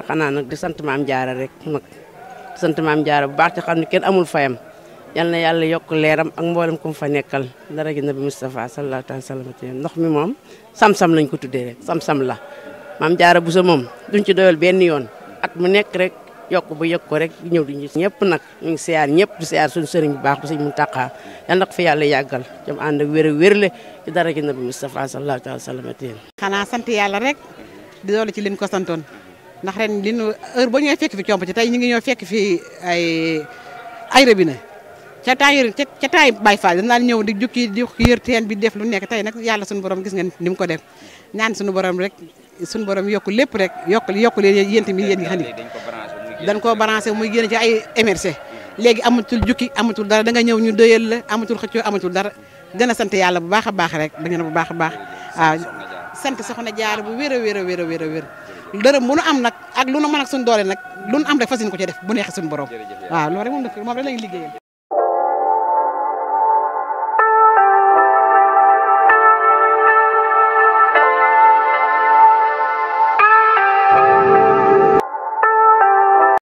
ah xanaa nag di sant maam jaara rek nag sant maam jaara bu baax ci xam ne kenn amul fayam yal na yàlla yokk leeram ak mboolem ku mu fa nekkal dara gi nabi Moustapha sallallahu alayhi wa sallam ndox mi moom sam lañ ko tuddee sam-sam la maam jaara bu sa moom duñ ci doyal benn yoon at mu nekk rek yokk ba yëg ko rek ñëw di gis ñëpp nag ñu ngi siyaar ñëpp di siyaar suñu sëriñ bu baax bu sëñ Muntaxa yal na fi yàlla yàggal jëm ànd ak wér a wérle ci dara gi nabi Moustapha sallallahu rek di doolu ci liñ ko santoon ndax ren li ñu heure ba ñooy fekk fi comp ci tey ñu ngi ñoo fekk fi ay ay robinet ca taay ca taay Baay Faal dañ ñëw di jukki di yër teen bi def lu nekk tey nag yàlla suñu borom gis ngeen ni mu ko dem ñaan suñu borom rek suñu borom yokk lépp rek yokk yokk leen yéen tamit yéen ngi xam ni dañ koo branché muy génn ci ay MRC léegi amatul jukki amatul dara da nga ñëw ñu doyal la amatul xëccoo amatul dara gën a sant yàlla bu baax a baax rek da ngeen bu baax a baax waaw sant soxna jaar bu wér a wér a wér a wér dërëm bu nu am nag ak lu nu mën ak suñu doole nag lu nu am rek fas yéene ko ci def bu neexee suñu borom waaw loolu rek moom moom rek